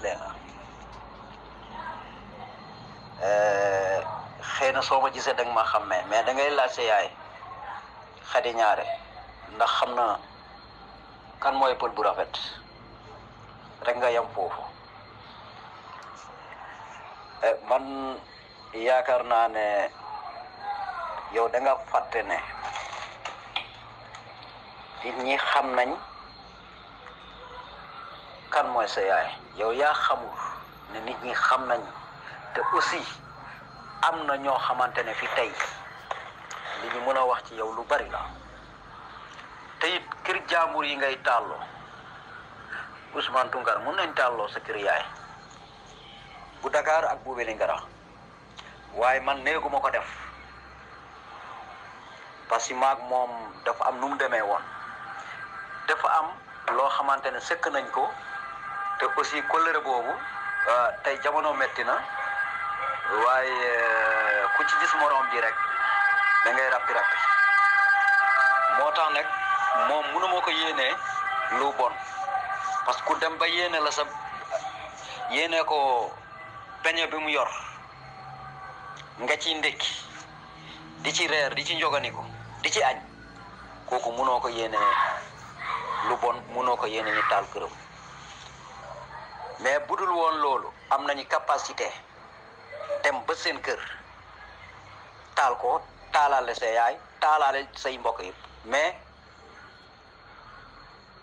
clair eh, xëy na soo ma gisee da ma xam mais mais da ngay laaj sa ñaare ndax xam na kan mooy pël bu rafet rek nga yam foofu eh, man yaakaar naa ne yow da nga fàtte ne nit ñi xam nañ. kan moy sa yaay yow ya xamul ne nit ñi xam nañ te aussi am na ñoo xamante ne fi tey li ñu mën a wax ci yow lu bari la te it kër jaambur yi ngay tàlloo Ousmane Tounkara mun nañ sa kër yaay bu Dakar ak bu Vélingara waaye man néeguma ko def parce que maag moom dafa am nu mu demee dafa am lo xamante ne nañ ko te aussi kóllëre boobu euh, tey jamono metti na waaye euh, ku ci gis ji rek da ngay ràppi ràppi moo tax nag moom mënu ma ko yéenee lu bon parce que ku dem ba yéene la sa yéene ko peñe bi mu yor nga ci ndékki di ci reer di ci njoganiku di ci añ kooku mënoo ko yéene lu bon mënoo ko yéene ñu taal këram mais bu dul woon loolu am nañu capacité dem ba seen kër taal ko taalaale sa yaay taalaale say mbokk yi mais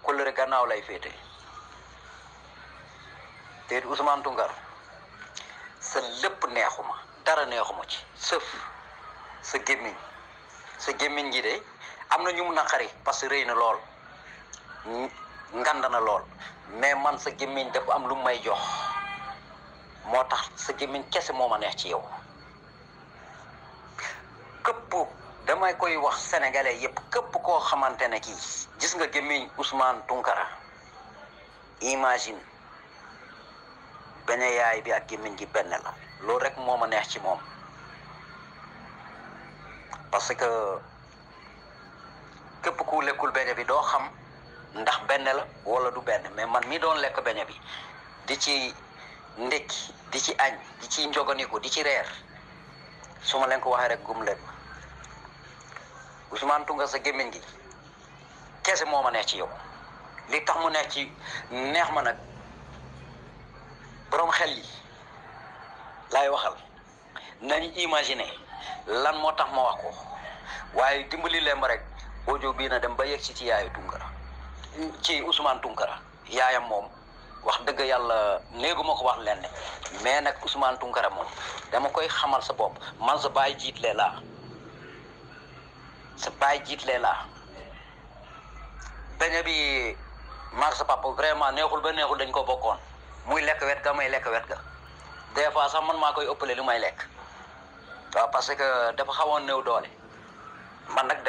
kulëre gannaaw lay féete déet Ousmane Tounkara sa lépp neexuma dara neexuma ci sëf sa gémmiñ sa gémmiñ gi de am na ñu mun a xari parce que rëy na lool ngand na lool mais man sa gémmiñ dafa am lu may jox moo tax sa gémmiñ kese moo ma neex ci yow këpp damay koy wax sénégalais yépp këpp koo xamante ne kii gis nga gémmiñ Ousmane Tounkara imagine benn yaay bi ak gémmiñ gi benn la loolu rek moo ma neex ci moom parce que këpp ku lekkul benn bi doo xam ndax benn la wala du benn mais man mi doon lekk beñe bi di ci ndékki di ci añ di ci njoganiku di ci reer su ma leen ko waxee rek gum leen Ousmane Tunga sa gémmiñ gi kese moo ma neex ci yow li tax mu neex ci neex ma nag borom xel yi laay waxal nañ imaginer lan moo tax ma wax ko waaye dimbali leen rek audio bii na dem ba yegg ci ci yaayu Tunga ci Ousmane Tunkara yaayam mom wax dëgg yàlla léegi ma ko wax lenn mais nag Ousmane Tunkara moom dama koy xamal sa bopp man sa baay jiit lee laa sa baay jiit lee laa beñe bi maag sa papa vraiment neexul ba neexul dañ ko bokkoon muy lekk wet ga may lekk wet ga des fois sax man maa koy ëppale lu parce que dafa doole man